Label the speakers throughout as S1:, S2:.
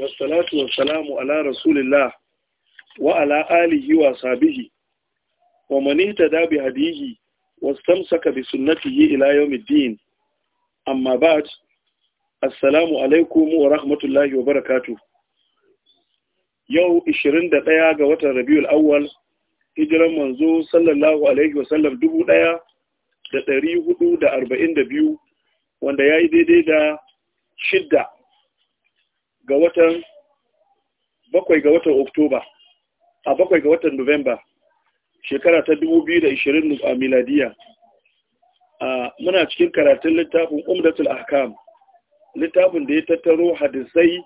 S1: wasu wasalamu ala rasulillah wa ala alihi wa sabihi wa mani ta dabi hadihi wastamsaka bi sunnatihi ila yawmiddin amma ba assalamu alaikum wa rahmatullahi wa barakatu. yau 21 ga watan rabiul awwal hijiran manzo sallallahu alaihi da 1442 wanda ya yi daidai da shidda ga watan bakwai ga watan oktoba a bakwai ga watan novemba shekara ta 2020 a miladiya a muna cikin karatun littafin umdatul ahkam littafin da ya tattaro hadisai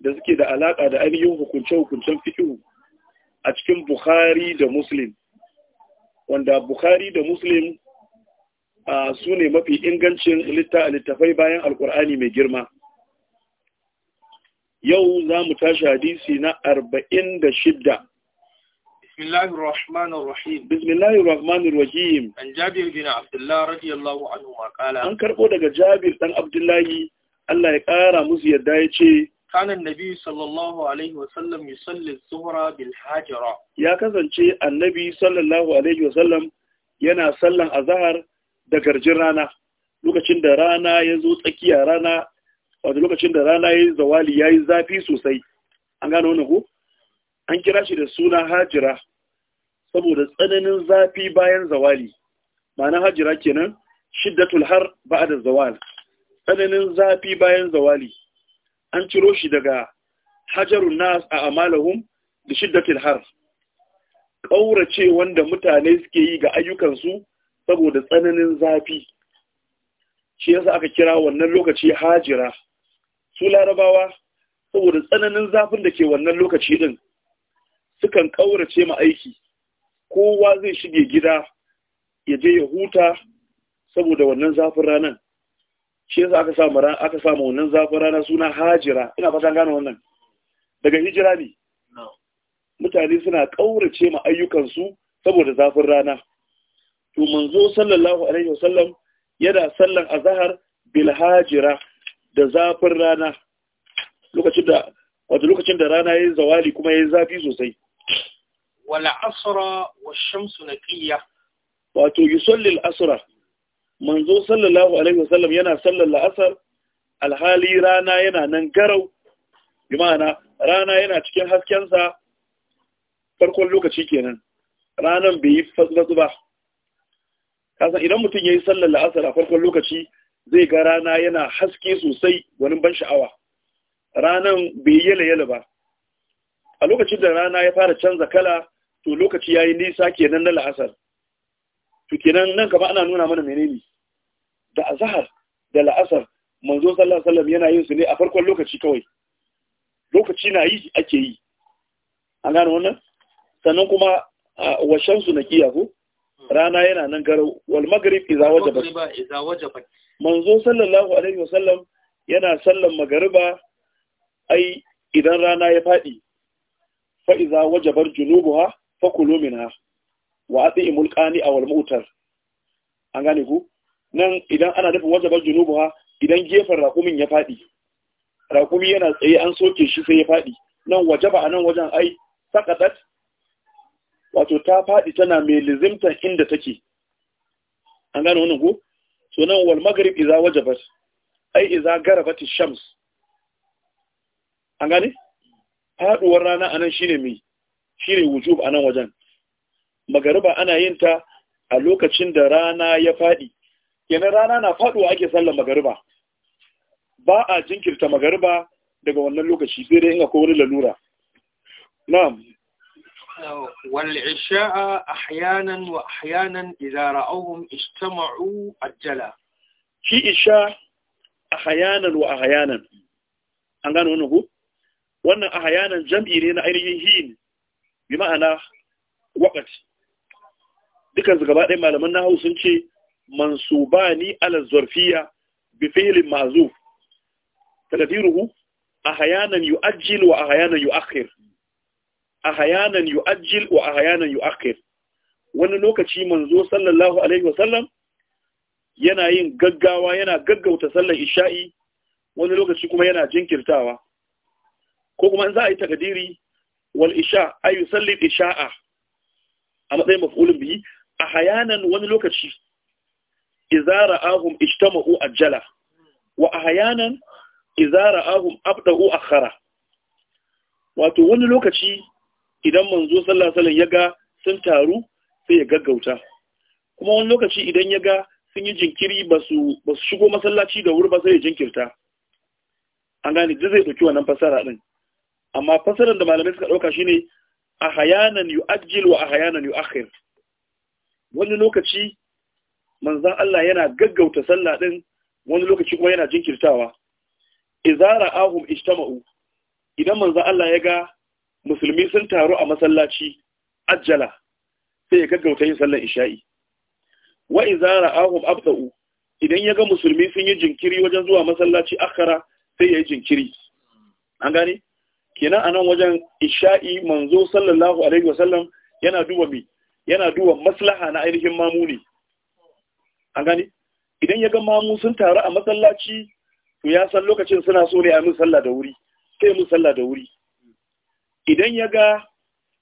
S1: da suke da alaƙa da ainihin hukunce-hukuncen fikihu a cikin bukhari da muslim wanda bukhari da muslim a su ne mafi ingancin littafai bayan alkur'ani mai girma yau za mu tashi hadisi na arba'in da shidda Bismillahi الله rahim. an karbo daga Jabir dan Abdullahi Allah ya kara musu yadda yace كان النبي صلى الله عليه وسلم يصلي الظهر بالحجرة يا kasance annabi sallallahu alaihi wasallam yana sallan azahar da garjin rana lokacin da rana ya zo tsakiya rana wato lokacin da rana yayi zawali yayi zafi sosai an gano wannan ko an kira shi da suna hajira saboda tsananin zafi bayan zawali ma'ana hajira kenan shiddatul har da zawal tsananin zafi bayan zawali an ciro shi daga hajarun nas a amalahum da shiddatul har ƙaurace wanda mutane suke yi ga ayyukansu saboda tsananin zafi shi yasa aka kira wannan lokaci hajira su larabawa saboda tsananin zafin da ke wannan lokaci din sukan ƙaurace ma aiki kowa zai shige gida ya je ya huta saboda wannan zafin ranar shi yasa aka samu ran aka samu wannan zafin rana suna hajira ina fatan gane wannan daga hijira ne mutane suna ƙaurace ma ayyukansu saboda zafin rana to manzo sallallahu alaihi wasallam yana sallan azhar bil hajira da zafin rana lokacin da wato lokacin da rana yayin zawali kuma yayin zafi sosai wala asra wash-shamsu naqiya wato yusalli al-asra manzo sallallahu alaihi wasallam yana sallar al-asr alhali rana yana nan garau bi ma'ana rana yana cikin hasken sa farkon lokaci kenan ranan bai yi fatsu ba kasan idan mutum yayi sallar al-asr a farkon lokaci zai ga rana yana haske sosai wani ban sha'awa ranan bai yale yala ba a lokacin da rana ya fara canza kala to lokaci ya yi nisa kenan na la'asar to kenan nan kama ana nuna mana menene da azahar da la'asar manzo sallallahu alaihi yana yin su ne a farkon lokaci kawai lokaci na yi ake yi an gane wannan sannan kuma washan su na ko rana yana nan garo wal magrib
S2: iza wajaba idza wajaba
S1: manzo sallallahu alaihi wasallam yana sallan magriba ai idan rana ya fadi fa iza wajabar junubuha fa kulu minha wa atimul qani aw al mu'tar an gane ku nan idan ana dafa wajabar junubuha idan gefen raƙumin ya fadi raƙumi yana tsaye an soke shi sai ya fadi nan wajaba anan wajen ai saqatat wato ta faɗi tana mai lizimta inda take an gane wani ko sunan wal maghrib iza wajabat ai iza garabat shams an gane faduwar rana anan shine mai shine wujub anan wajen magariba ana yin ta a lokacin da rana ya faɗi kenan rana na faduwa ake sallar magariba ba a jinkirta magariba daga wannan lokaci sai dai in akwai wani lalura na'am والعشاء أحيانا وأحيانا إذا رأوهم اجتمعوا أجلا في عشاء أحيانا وأحيانا an gano wani ku wannan a hayanan jam'i ne na ainihin hin bi ma'ana wakati dukan su gaba ɗaya malaman nahawu sun ce mansubani ala zarfiya bi fi'lin ma'zuf taqdiruhu a hayanan yu'ajjil wa a hayanan yu'akhir ahayanan ajil wa ahayanan akir wani lokaci manzo sallallahu alaihi wasallam yana yin gaggawa yana gaggauta sallar isha'i wani lokaci kuma yana jinkirtawa ko kuma in za a yi takadiri wal isha ayu salli isha'a a matsayin maf'ulun a ahayanan wani lokaci idza ra'ahum ijtama'u ajala wa ahayanan idza ra'ahum abda'u akhara wato wani lokaci idan manzo sallallahu alaihi ya ga sun taru sai ya gaggauta kuma wani lokaci idan ya ga sun yi jinkiri ba su shigo masallaci da wuri ba sai ya jinkirta an gane duk zai ɗauki wannan fasara din amma fasaran da malamai suka ɗauka shine a hayanan yu'ajjil wa a yu'akhir wani lokaci manzan Allah yana gaggauta sallah din wani lokaci kuma yana jinkirtawa izara ahum ijtama'u idan manzan Allah ya ga musulmi sun taru a masallaci ajjala sai ya gaggauta yin sallar isha'i wa iza ra'ahum abda'u idan ya ga musulmi sun yi jinkiri wajen zuwa masallaci akhara sai ya yi jinkiri an gane kenan anan wajen isha'i manzo sallallahu alaihi wasallam yana duba mi yana duba maslaha na ainihin mamuni an gane idan ya ga mamu sun taru a masallaci to ya san lokacin suna so ne a min sallah da wuri sai musalla da wuri idan ya ga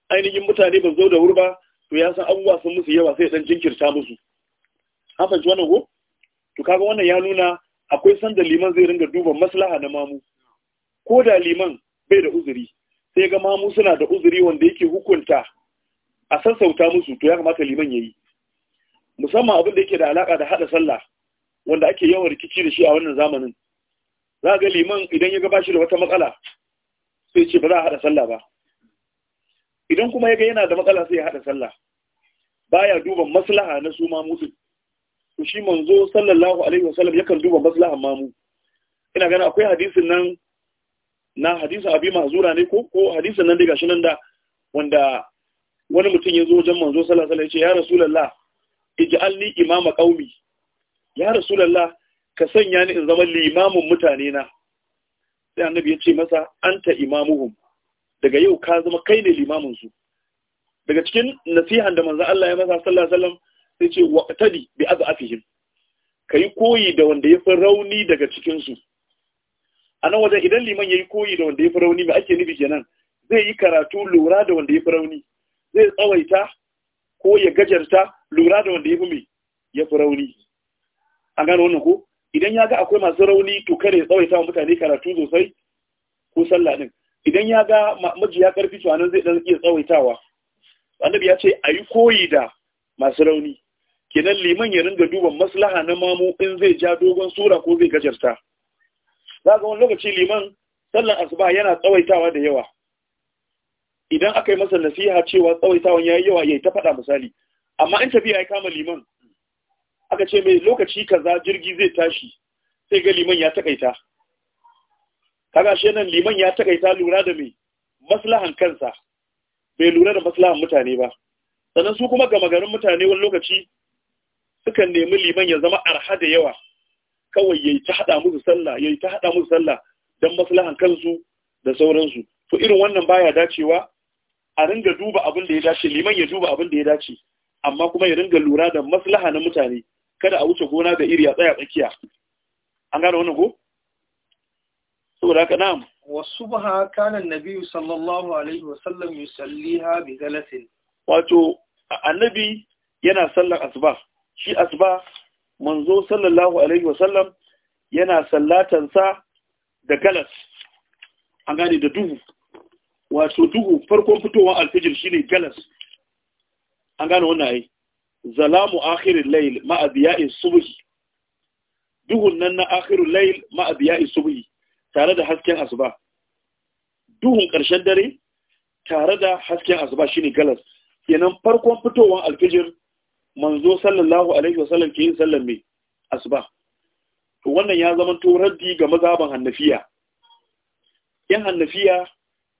S1: ainihin mutane ba zo da wuri ba to ya san abubuwa sun musu yawa sai dan jinkirta musu an fahimci wannan ko to kaga wannan ya nuna akwai sanda liman zai ringa duba maslaha na mamu ko da liman bai da uzuri sai ga mamu suna da uzuri wanda yake hukunta a sassauta musu to ya kamata liman ya yi. musamman abin da yake da alaka da haɗa sallah wanda ake yawan rikici da shi a wannan zamanin za ga liman idan ya ga bashi da wata matsala sai ce ba za a haɗa sallah ba idan kuma ya ga yana da matsala sai ya haɗa sallah baya duba maslaha na su mamu to shi manzo sallallahu alaihi wasallam yakan duba maslaha mamu ina ganin akwai hadisin nan na hadisin abi mahzura ne ko ko hadisin nan da gashi nan da wanda wani mutum ya zo wajen manzo sallallahu alaihi wasallam ya ce ya rasulullah ij'alni imama qaumi ya rasulullah ka sanya ni in zama limamin mutane na sai annabi ya ce masa anta imamuhum daga yau ka zama kai ne limamin su daga cikin nasihan da manzo Allah ya masa sallallahu alaihi wasallam sai ce waqtadi bi azafihim kai koyi da wanda ya fi rauni daga cikin su a nan wajen idan liman yayi koyi da wanda ya fi rauni me ake nufi kenan zai yi karatu lura da wanda ya fi rauni zai tsawaita ko ya gajarta lura da wanda ya fi me ya fi rauni an gano wannan ko idan ya ga akwai masu rauni to kare ya tsawaita wa mutane karatu sosai ko sallah din idan ya ga ya karfi to zai dan iya tsawaitawa annabi ya ce ayi koyi da masu rauni kenan liman ya ringa duban maslaha na mamu in zai ja dogon sura ko zai gajarta za ga wani lokaci liman sallan asuba yana tsawaitawa da yawa idan aka yi masa nasiha cewa tsawaitawan ya yi yawa yayi ta faɗa misali amma in tafiya ya kama liman aka ce mai lokaci kaza jirgi zai tashi sai ga liman ya takaita kaga shi nan liman ya takaita lura da mai maslahan kansa bai lura da maslahan mutane ba sannan su kuma gama garin mutane wani lokaci sukan nemi liman ya zama arha da yawa kawai yayi ta hada musu sallah yayi ta hada musu sallah dan maslahan kansu da sauransu to irin wannan baya dacewa a ringa duba abin da ya dace liman ya duba abin da ya dace amma kuma ya ringa lura da maslaha na mutane kada a wuce gona da iri a tsaya tsakiya an gane wannan go saboda haka na'am wasubha kana annabi sallallahu alaihi wasallam yusalliha bi galatin wato annabi yana sallar asuba shi asuba manzo sallallahu alaihi wasallam yana sallatansa da galas an gane da duhu wato duhu farkon fitowar alfijir shine galas an gane wannan ai zalamu akhirul layl ma'a biya'i subhi duhun nan na akhirul layl ma'a biya'i subhi tare da hasken asuba duhun ƙarshen dare tare da hasken asuba shine galas kenan farkon fitowar alfijir manzo sallallahu alaihi wasallam ke yin sallar mai asuba to wannan ya zama to raddi ga mazhaban hannafiya yan hannafiya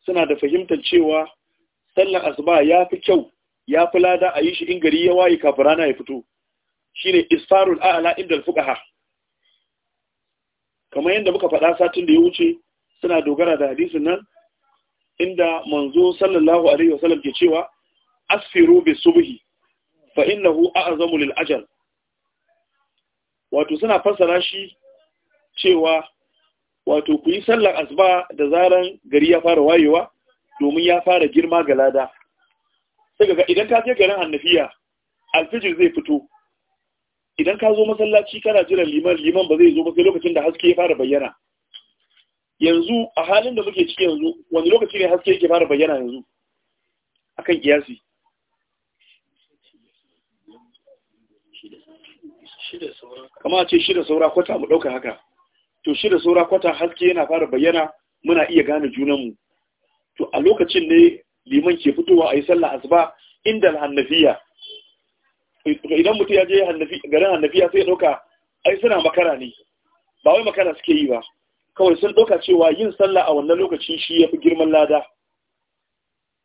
S1: suna da fahimtar cewa sallar asuba ya fi kyau ya fi lada a yi shi in gari ya waye kafin rana ya fito shine isfarul a'la inda fuqaha kamar yadda muka faɗa satin da ya wuce suna dogara da hadisin nan inda manzo sallallahu alaihi wasallam ke cewa asfiru bi subhi fa innahu a'zamu lil ajal wato suna fassara shi cewa wato ku yi sallar asuba da zaran gari ya fara wayewa domin ya fara girma ga lada sai ga idan ka je garin annabiya alfijir zai fito idan ka zo masallaci kana jiran liman liman ba zai zo ba sai lokacin da haske ya fara bayyana yanzu a halin da muke ciki yanzu wani lokaci ne haske yake fara bayyana yanzu akan kiyasi kama ce shida saura kwata mu ɗauka haka to shida saura kwata haske yana fara bayyana muna iya gane junanmu to a lokacin ne liman ke fitowa a yi sallah asuba inda al-hannafiya idan mutum ya je garin hannafiya sai ya ɗauka ai suna makara ne ba wai makara suke yi ba kawai sun ɗauka cewa yin sallah a wannan lokacin shi ya fi girman lada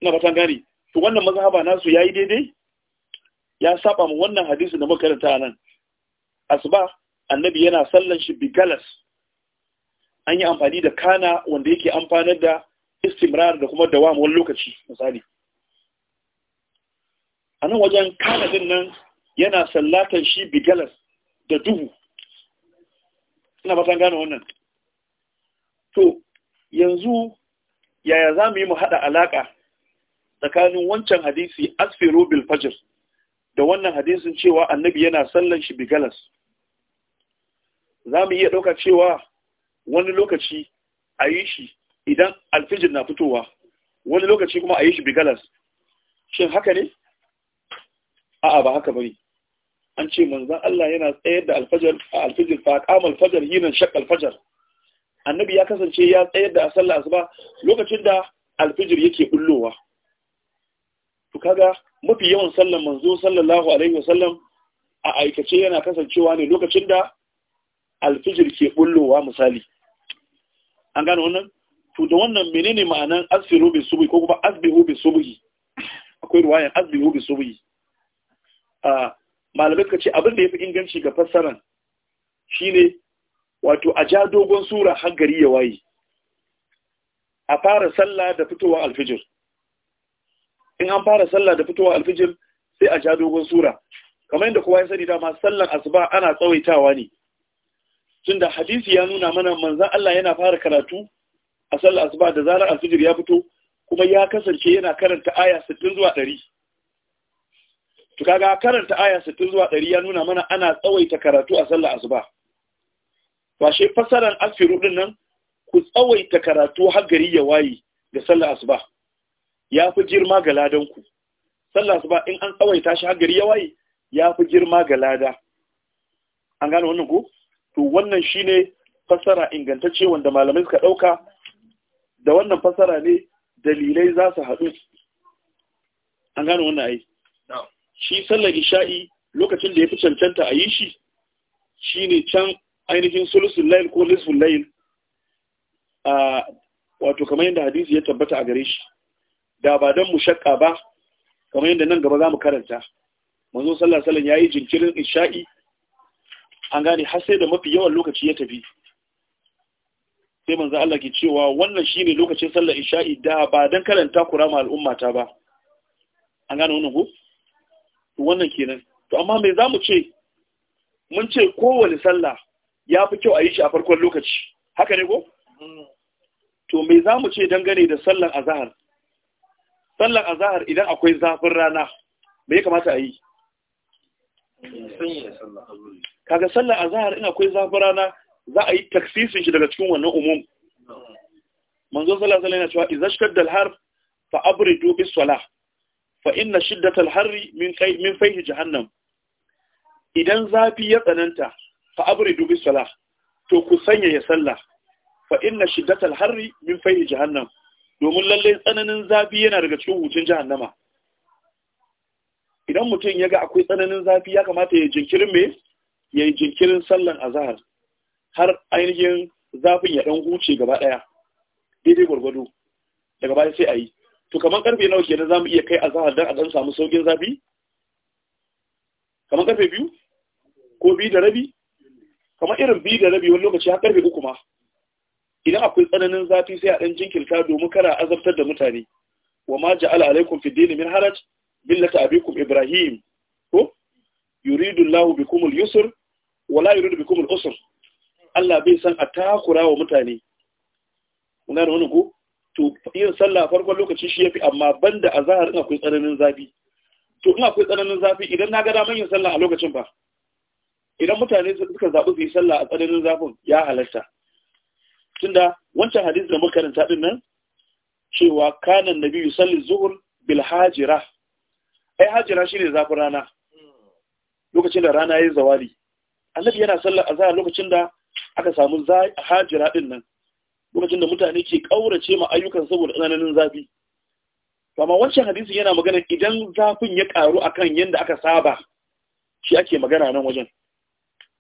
S1: ina fatan gani. to wannan mazhaba nasu ya yi daidai ya saba mu wannan hadisi da muka karanta nan asuba annabi yana sallan shi bi galas an yi amfani da kana wanda yake amfanar da istimrar da kuma dawamu wani lokaci misali a nan wajen kana din nan yana sallatan shi bigalas da duhu ina ba san gane wannan to yanzu yaya za mu yi mu haɗa alaƙa tsakanin wancan hadisi asfiru bil fajr da wannan hadisin cewa annabi yana sallan shi bigalas za mu iya ɗauka cewa wani lokaci a yi shi idan alfijir na fitowa wani lokaci kuma a yi shi bigalas shin haka ne a'a ba haka bane an ce manzon Allah yana tsayar da alfajar a alfijir fa qama alfajar hinan shaq alfajar annabi ya kasance ya tsayar da sallar asuba lokacin da alfijir yake bullowa to kaga mafi yawan sallar manzo sallallahu alaihi wasallam a aikace yana kasancewa ne lokacin da alfijir ke bullowa misali an gane wannan to da wannan menene ma'anan asfiru bi subhi ko kuma asbihu bi subhi akwai ruwayan asbihu bi subhi a ah, malamai ka ce abin da ya fi inganci ga fassaran shine wato a ja dogon sura har gari ya waye a fara sallah da fitowar alfijir in an fara sallah da fitowar alfijir sai a ja dogon sura kamar yadda kowa ya sani dama sallar asuba ana tsawaitawa ne tunda hadisi ya nuna mana manzan Allah yana fara karatu a sallar asuba da zarar alfijir ya fito kuma ya kasance yana karanta aya 60 zuwa ɗari. to kaga karanta aya 60 zuwa 100 ya nuna mana ana tsawaita karatu a sallar asuba ba shi fasaran asfiru din nan ku tsawaita karatu har gari ya waye da sallar asuba ya fi girma ga ladanku. sallar asuba in an tsawaita shi har gari ya waye ya fi girma ga lada an gano wannan ku? to wannan shine fasara ingantacce wanda malamai suka dauka da wannan fasara ne dalilai za su haɗu an gano wannan ai shi sallar isha'i lokacin da ya fi cancanta a yi shi shi ne can ainihin sulusun layin ko lisfun layin. a wato kamar yadda hadisi ya tabbata a gare shi da ba don mu shakka ba kamar yadda nan gaba za mu karanta manzo sallar sallar ya yi jinkirin isha'i an gane har sai da mafi yawan lokaci ya tafi sai manzo Allah ke cewa wannan shine lokacin sallar isha'i da ba don karanta kurama al'ummata ba an gane wannan ko to wannan kenan to amma me zamu ce mun ce kowane sallah ya fi kyau a yi shi a farkon lokaci haka ne ko to me zamu ce dangane da sallar azhar Sallar azhar idan akwai zafin rana me ya kamata a yi kaga sallar azhar in akwai zafin rana za a yi taksisin shi daga cikin wannan umum manzo sallallahu alaihi wasallam yana cewa idza shadda al-har fa abridu bis salah fa inna shiddatal harri min kai min faihi jahannam idan zafi ya tsananta fa abridu bis salah to ku sanya ya sallah fa inna harri min faihi jahannam domin lalle tsananin zafi yana daga cikin hutun jahannama idan mutum ya ga akwai tsananin zafi ya kamata ya jinkirin me ya yi jinkirin sallan azahar har ainihin zafin ya ɗan huce gaba ɗaya daidai gwargwado daga baya sai a yi to kamar karfe nawa kenan zamu iya kai azahar dan a dan samu saukin zafi kamar karfe biyu ko biyu da rabi kamar irin biyu da rabi wani lokaci har karfe uku ma idan akwai tsananin zafi sai a dan jinkirta domin kana azabtar da mutane wa ma ja'ala alaikum fi dini min haraj millata abikum ibrahim ko yuridu Allahu bikum al-yusr wa la yuridu bikum al-usr Allah bai san a takura wa mutane kuna da wani ko to yin sallah a farkon lokaci shi yafi amma banda azhar in akwai tsananin zafi to ina akwai tsananin zafi idan na ga daman yin sallah a lokacin ba idan mutane suka zaɓi su yi sallah a tsananin zafin ya halarta tunda wancan hadisi da muka karanta din nan cewa kanan nabi yusalli zuhur bil hajira ai hajira shine zafin rana lokacin da rana yayi zawali annabi yana sallar azhar lokacin da aka samu hajira din nan lokacin da mutane ke ƙaurace ma ayyukan saboda tsananin zafi amma wancan hadisi yana magana idan zafin ya ƙaru akan yadda aka saba shi ake magana nan wajen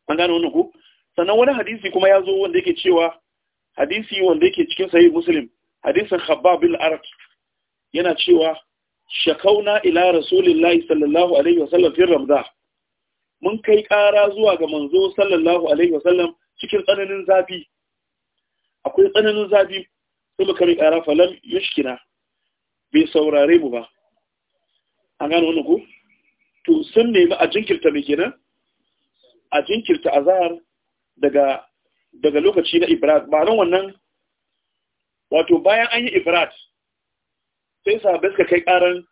S1: an gane wani ko sannan wani hadisi kuma ya zo wanda yake cewa hadisi wanda yake cikin sahih muslim hadisin khabbab bin arq yana cewa shakauna ila rasulillahi sallallahu alaihi wa sallam, fi ramadan mun kai ƙara zuwa ga manzo sallallahu alaihi wa sallam, cikin tsananin zafi tsananin zafi sai muka mai ƙara falal yushkina bai saurare mu ba an gano wani ku to sun nemi a jinkirta mai kenan a jinkirta azahar daga daga lokaci na ibrat ba nan wannan wato bayan an yi ibrat sai sahabbai suka kai karan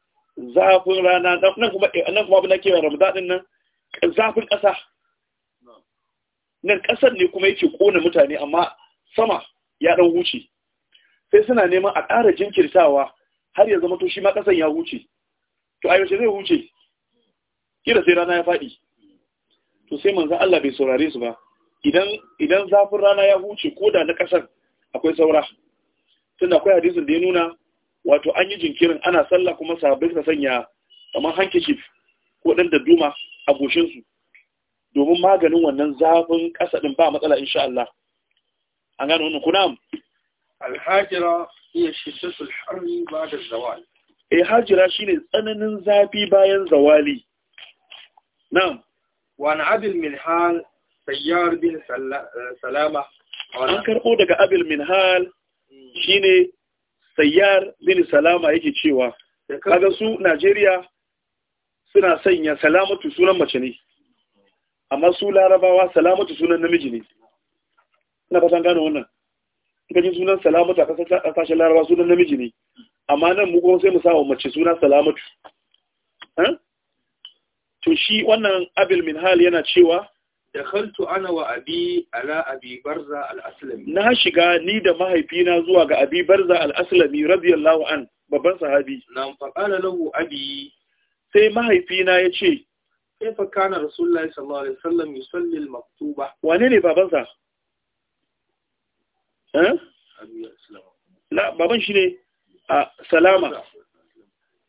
S1: zafin rana nan kuma nan kuma bana eh, kewa ramadan din nan zafin ƙasa nan ƙasar ne kuma yake kona mutane amma sama ya ɗan huce sai suna neman a ƙara jinkirtawa har ya zama to shi ma ƙasan ya huce to a yaushe zai huce kira sai rana ya faɗi to sai manzan Allah bai saurare su ba idan zafin rana ya huce ko da na ƙasar akwai saura tunda akwai hadisin da ya nuna wato an yi jinkirin ana sallah kuma sahabbai suka sanya kamar hankishif ko ɗan da duma a goshinsu domin maganin wannan zafin ƙasa ɗin ba matsala insha Allah an gano wannan kunam alhajira iya shiddatul harri ba da zawali. eh hajira shine tsananin zafi bayan zawali na'am wa an abil minhal sayyar bin salama an karbo daga abil minhal shine sayyar bin salama yake cewa kaga su Najeriya suna sanya salamatu sunan mace ne amma su larabawa salamatu sunan namiji ne na fatan gano wannan in ji sunan salamatu a kasashen larawa sunan namiji ne amma nan mu kuma sai mu sawa mace suna salamatu eh? to shi wannan abil min hal yana cewa Da dakhaltu ana wa abi ala abi barza al-aslami na shiga ni da mahaifina zuwa ga abi barza al-aslami radiyallahu an babban sahabi nan fa qala lahu abi sai mahaifina ya ce kaifa kana rasulullahi sallallahu alaihi wasallam yusalli al-maktuba wane ne babansa Eh? na baban shi ne a salama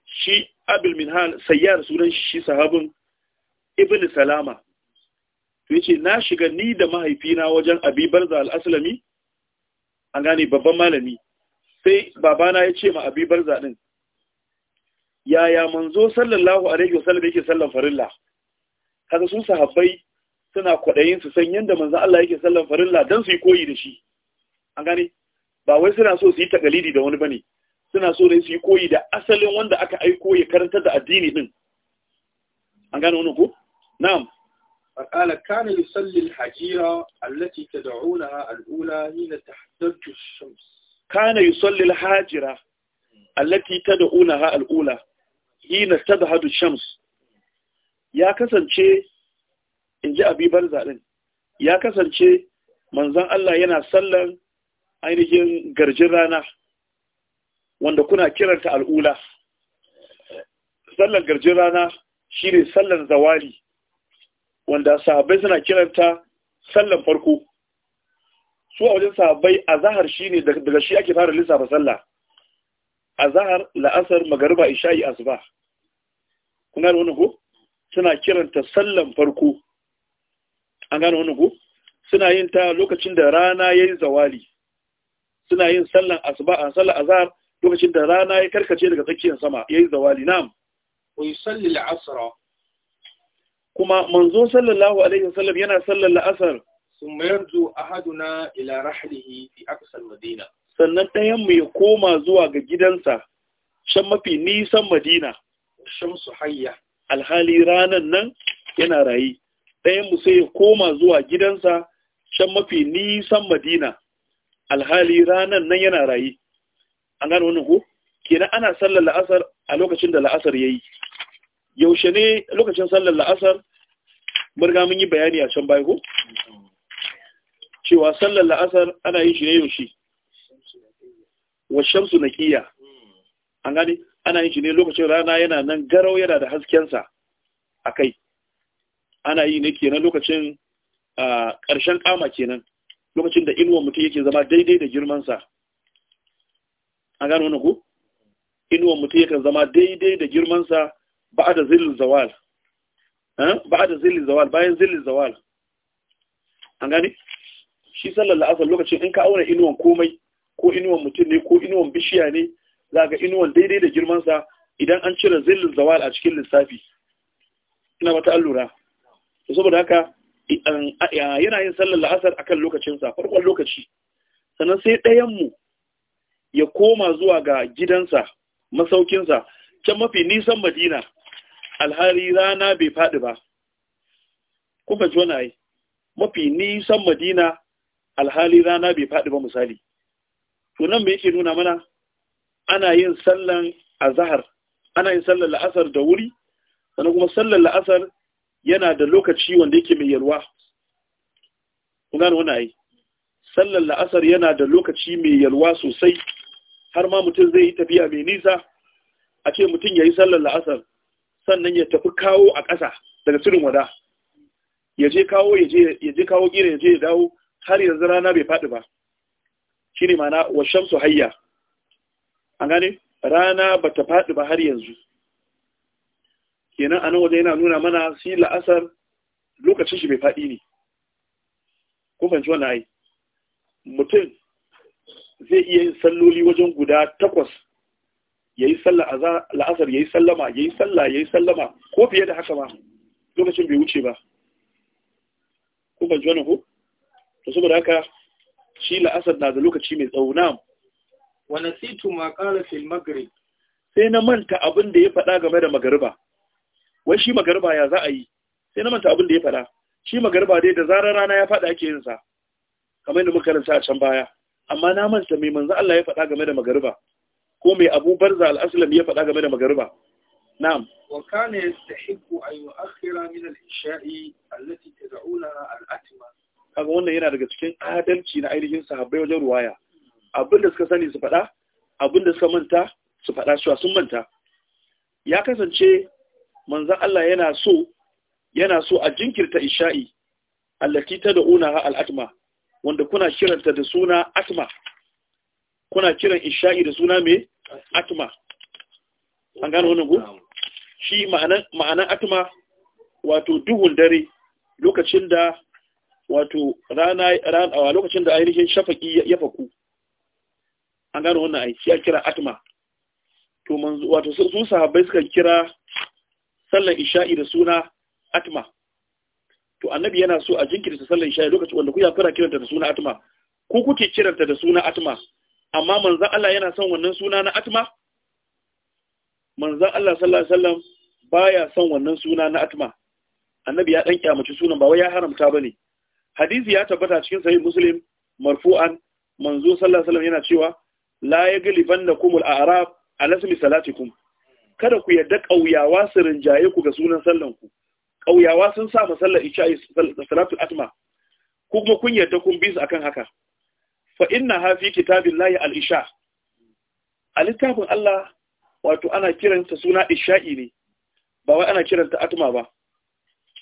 S1: shi abil hal sayyar sunan shi sahabin ibn salama to yace na shiga ni da mahaifina wajen abi barza al-aslami an gane babban malami sai babana ya ce ma abi barza din yaya manzo sallallahu alaihi wasallam yake sallan farilla kaga sun sahabbai suna kwadayin su san yanda manzo Allah yake sallan farilla dan su yi koyi da shi an gane ba wai suna so su yi takalidi da wani bane suna so dai su yi koyi da asalin wanda aka aiko ya karantar da addini din an gane wannan ko na'am فقال كان يصلي الحجيرة التي تدعونها الأولى حين تحدث الشمس كان يصلي الحجيرة التي تدعونها الأولى حين تذهب الشمس يا كسانشي إن جاء أبي برزة ya kasance manzan Allah yana sallan ainihin garjin rana wanda kuna kiranta al'ula Sallan garjin rana shi ne sallan zawali wanda sahabai suna kiranta sallan farko su a wajen sahabai a zahar shi ne daga shi ake fara lissafa sallah a zahar la'asar magariba isha'i asuba kuna da wani ko suna kiranta sallan farko an gane wani ko suna yin ta lokacin da rana ya yi zawali suna yin sallan asuba a sallar azhar lokacin da rana ya karkace daga tsakiyar sama yi zawali nam wa yusalli al-asr kuma manzo sallallahu alaihi wasallam yana sallar al-asr thumma yarju ahaduna ila rahlihi fi aqsa al-madina sannan ɗayan mu ya koma zuwa ga gidansa shan mafi nisan madina shamsu hayya alhali ranan nan yana rayi ɗayan mu sai ya koma zuwa gidansa shan mafi nisan madina alhali ranan nan yana rayi an gano wannan ko kenan ana sallar la'asar a lokacin da la'asar yayi yaushe ne lokacin sallar la'asar murga mun yi bayani a can baya ko cewa sallar la'asar ana yin shi ne yaushe wa shamsu naqiya an gane ana yin shi ne lokacin rana yana nan garau yana da haskensa a kai ana yi ne kenan lokacin ah, ƙarshen kama kenan lokacin da inuwan mutum yake zama daidai da girmansa an gano wani ku inuwan mutum yake zama daidai da girmansa ba da zillin zawal eh? ba da zillin zawal bayan zillin zawal an gani shi sallar asal lokacin in ka auna inuwan komai ko inuwan mutum ne ko inuwan bishiya ne za ga inuwan daidai da girmansa idan an cire zillin zawal a cikin lissafi ina wata allura saboda haka yana yin sallar la'asar akan lokacinsa farkon lokaci sannan sai ɗayanmu ya koma zuwa ga gidansa masaukinsa can mafi nisan madina alhari rana bai faɗi ba kuma jonai mafi nisan madina alhali rana bai faɗi ba misali tunan mai yake nuna mana ana yin sallan azahar ana yin sallar la'asar da wuri sannan kuma sallar la'asar yana da lokaci wanda yake mai yalwa kun gane wani ayi sallar la'asar yana da lokaci mai yalwa sosai har ma mutum zai yi tafiya mai nisa a ce mutum ya yi sallar la'asar sannan ya tafi kawo a ƙasa daga tudun wada ya je kawo ya je kawo ya je ya dawo har yanzu rana bai faɗi ba shi ne mana wa shamsu hayya an gane rana ba ta faɗi ba har yanzu kenan a nan waje yana nuna mana shi la'asar lokacin shi bai faɗi ne ko fahimci wannan ai mutum zai iya yin salloli wajen guda takwas ya yi a la'asar ya yi sallama ya yi sallah ya yi sallama ko fiye da haka ma lokacin bai wuce ba ko fahimci wannan ko to saboda haka shi la'asar na da lokaci mai tsauna wani Situ ma ƙara fil maghrib sai na manta abin da ya faɗa game da magariba wai shi magarba ya za a yi sai na manta abin da ya faɗa shi magarba dai da zarar rana ya faɗa ake yinsa. sa kamar yadda muka karanta a can baya amma na manta mai manzo Allah ya faɗa game da magarba ko mai Abu Barza al-Aslam ya faɗa game da magarba na'am wa kana yastahiqu an yu'akhkhira min al-isha'i allati tad'unaha al-atma kaga wannan yana daga cikin adalci na ainihin sahabbai wajen ruwaya abinda suka sani su faɗa abinda suka manta su faɗa cewa sun manta ya kasance manzan Allah yana so yana so a jinkirta isha'i allati tad'unaha al al’atma wanda kuna kiranta da suna atma kuna kiran isha'i da suna me atma an gano wannan ku shi ma'anan ma'anan atma wato duhun dare lokacin da wato rana rana lokacin da ainihin shafaki ya faku an gano wannan ai shi ya kira atma to manzo wato sun sahabbai suka kira sallar isha'i da suna atma to annabi yana so a jinkirta sallar isha'i lokacin wanda ku ya fara kiranta da suna atma ku kuke kiranta da suna atma amma manzan Allah yana son wannan suna na atma manzan Allah sallallahu alaihi wasallam baya son wannan suna na atma annabi ya dan kyamaci sunan ba wai ya haramta bane hadisi ya tabbata cikin sahih muslim marfu'an manzo sallallahu alaihi wasallam yana cewa la kumul a'rab ala salatikum kada ku yarda ƙauyawa su rinjaye ku ga sunan sallan ku ƙauyawa sun sa ma sallar isha salatul atma ku kuma kun yarda kun bi su akan haka fa inna ha fi kitabillahi al-isha a littafin Allah wato ana kiranta suna isha'i ne ba wai ana kiranta atma ba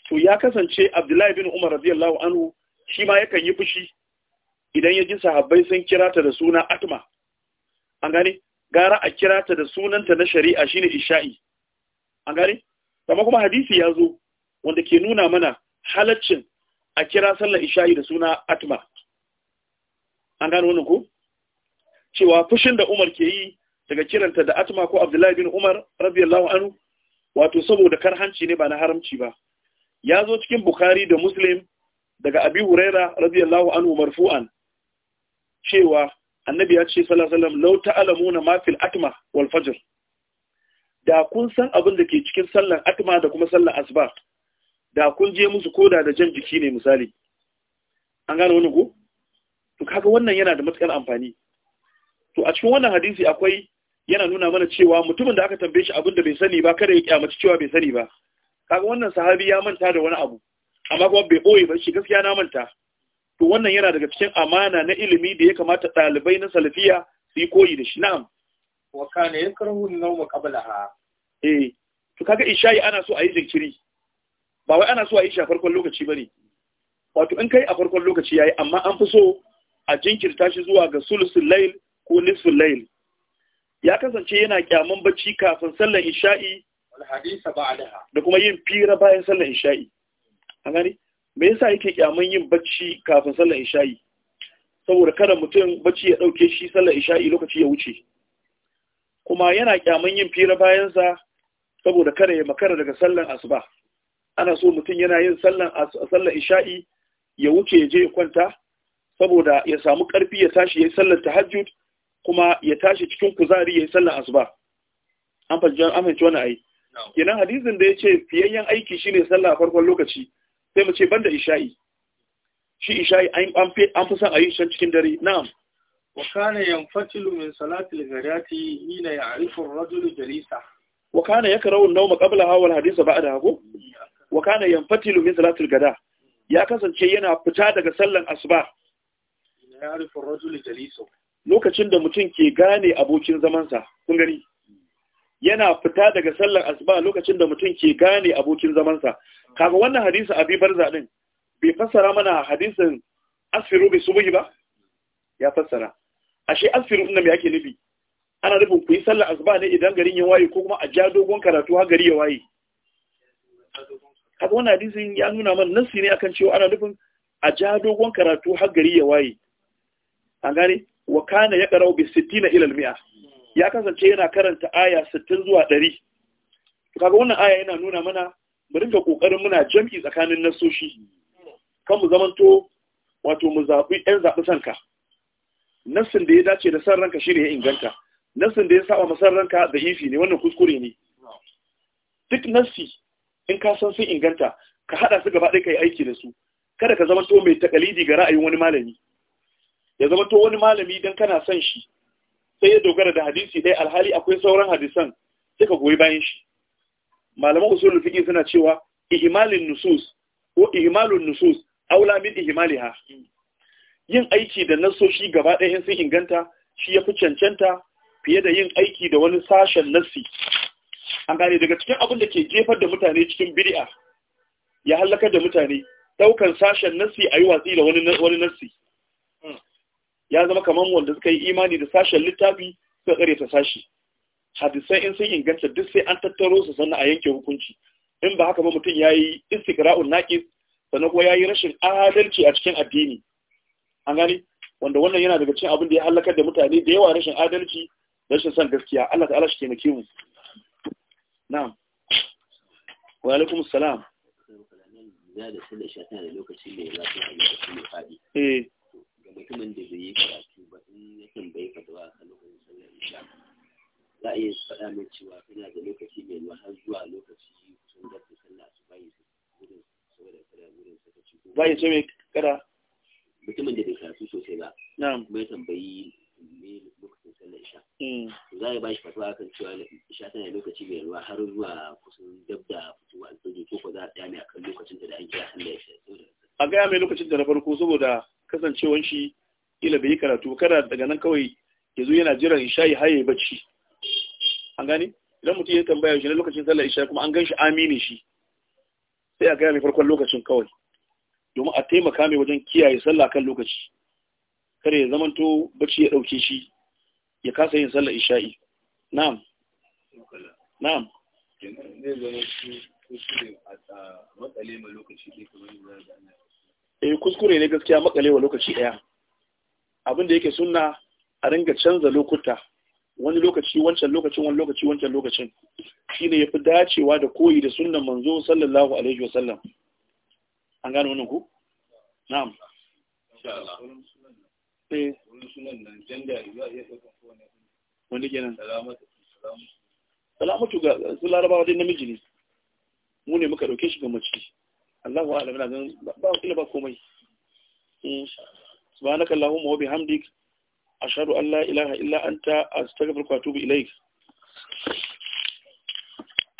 S1: to ya kasance Abdullahi bin Umar radiyallahu anhu shi ma yakan yi fushi idan ya ji sahabbai sun kirata da suna atma an gane gara a kira ta da sunanta na shari'a shine isha'i an gane amma kuma hadisi ya zo wanda ke nuna mana halaccin a kira sallar isha'i da suna atma an gane wannan ko cewa fushin da Umar ke yi daga kiranta da atma ko Abdullahi bin Umar radiyallahu anhu wato saboda karhanci ne ba na haramci ba ya zo cikin Bukhari da Muslim daga Abi Huraira radiyallahu anhu marfu'an cewa annabi ya ce Salasalam lauta wasallam law mafil atma wal fajr da kun san abin da ke cikin sallar atma da kuma sallar asuba da kun je musu koda da jan jiki ne misali an gane wani ko to kaga wannan yana da matukar amfani to a cikin wannan hadisi akwai yana nuna mana cewa mutumin da aka tambaye shi abin da bai sani ba kada ya kyamaci cewa bai sani ba kaga wannan sahabi ya manta da wani abu amma kuma bai boye ba shi gaskiya na manta to wannan yana daga cikin amana na ilimi da ya kamata ɗalibai na salafiya su yi koyi da shi na'am wa kana yakrahu an-nawm qablaha eh to kaga isha'i ana so a yi jinkiri ba wai ana so a yi shi farkon lokaci bane wato in kai a farkon lokaci yayi amma an fi so a jinkirta shi zuwa ga sulusul layl ko nisful layl ya kasance yana kyaman bacci kafin sallar isha'i da kuma yin fira bayan sallar isha'i an gani me yasa yake kyamun yin bacci kafin sallar isha'i saboda kada mutum bacci ya ɗauke shi sallar isha'i lokaci ya wuce kuma yana kyamun yin fira bayansa, sa saboda kada ya makara daga sallar asuba ana so mutum yana yin sallar sallar isha'i ya wuce ya je ya kwanta saboda ya samu karfi ya tashi ya yi sallar tahajjud kuma ya tashi cikin kuzari ya yi sallar asuba an fahimci wani ayi. kenan hadizin da ya ce fiyayyen aiki shine sallar farkon lokaci sai mu ce banda isha'i shi isha'i an fi an fi son a yi shan cikin dare na'am wa kana yanfatilu min salati al-ghariyati hina ya'rifu ar-rajulu jalisa wa kana yakrahu an-nawma hawa wal hadisa ba'da ko wa kana yanfatilu min salati al-gada ya kasance yana fita daga sallan asuba ya'rifu ar-rajulu jalisa lokacin da mutum ke gane abokin zamansa kun gani yana fita daga sallan asuba lokacin da mutum ke gane abokin zamansa kaga wannan hadisin abi barza din bai fassara mana hadisin asfiru bi subhi ba ya fassara ashe asfiru din me yake nufi ana nufin ku yi sallar asuba ne idan garin ya waye ko kuma a ja dogon karatu har gari ya waye kaga wannan hadisin ya nuna mana nasi ne akan cewa ana nufin a ja dogon karatu har gari ya waye an gane wa kana ya karau bi 60 ila 100 ya kasance yana karanta aya 60 zuwa 100 kaga wannan aya yana nuna mana mu ringa kokarin muna jam'i tsakanin nasoshi kan mu zamanto wato mu zaɓi ɗan zaɓi sanka nassin da ya dace da san ranka shine ya inganta nassin da ya saba ma san ranka da ifi ne wannan kuskure ne duk nasi, in ka san sun inganta ka haɗa su gaba ɗaya ka yi aiki da su kada ka zamanto mai takalidi ga ra'ayin wani malami ya zamanto wani malami dan kana son shi sai ya dogara da hadisi ɗaya alhali akwai sauran hadisan sai ka goyi bayan shi malaman usulul fiqh suna cewa ihmalin nusus ko ihmalun nusus aula min ihmaliha yin aiki da nasoshi gaba ɗaya sun inganta shi ya fi cancanta fiye da yin aiki da wani sashen nassi an gane daga cikin abin da ke jefar da mutane cikin bid'a ya halaka da mutane daukan sashen nassi a yi watsi da wani nassi hmm. ya zama kamar wanda suka yi imani da sashen littafi suka ta sashi hadisai in sun inganta duk sai an tattaro su sannan a yanke hukunci in ba haka ba mutum ya yi istikra'un naƙis sannan kuma ya yi rashin adalci a cikin addini an gani wanda wannan yana daga cikin abin da ya halakar da mutane da yawa rashin adalci rashin son gaskiya Allah ta'ala shi taimake mu na'am
S2: wa alaikum salam da da lokaci faɗi eh ga mutumin da zai yi karatu ba in ya tambaye ka da lokacin sallar isha za a iya faɗa min cewa tana da lokaci mai yiwuwa har zuwa lokaci kusan da ta sallah su bayi gudun saboda kada gudun sakaci ko bayi so mai kada mutumin da bai karatu sosai ba na'am mai tambayi me lokacin sallar isha mm. za a ba shi fatawa kan cewa isha tana lokaci mai ruwa har zuwa kusan dab da fitowa alfajir ko ko za a tsaya ne akan lokacin da an kira sallar isha a gaya mai lokacin
S1: da na farko saboda kasancewan shi ila bai yi karatu kada daga nan kawai yanzu yana jiran isha ya haye bacci an gani idan mutum ya tambaya shi na lokacin sallar isha kuma an gan shi aminin shi sai a gaya mai farkon lokacin kawai domin a taimaka mai wajen kiyaye sallah kan lokaci kare ya zamanto bacci ya ɗauke shi ya kasa yin sallar isha'i na'am na'am eh kuskure ne gaskiya makalewa lokaci ɗaya abin da yake suna a ringa canza lokuta wani lokaci wancan lokacin wani lokaci wancan lokacin shine yafi dacewa da koyi da sunnan manzo sallallahu alaihi wasallam an gane wannan ku na'am insha Allah eh. sunan nan janda ya ya wani kenan salamatu ga su larabawa namiji ne mu ne muka dauke shi ga mace Allah wa alamina ba ba komai subhanakallahumma wa bihamdika A an Allah ilaha illa anta astaghfiruka wa atubu ilaik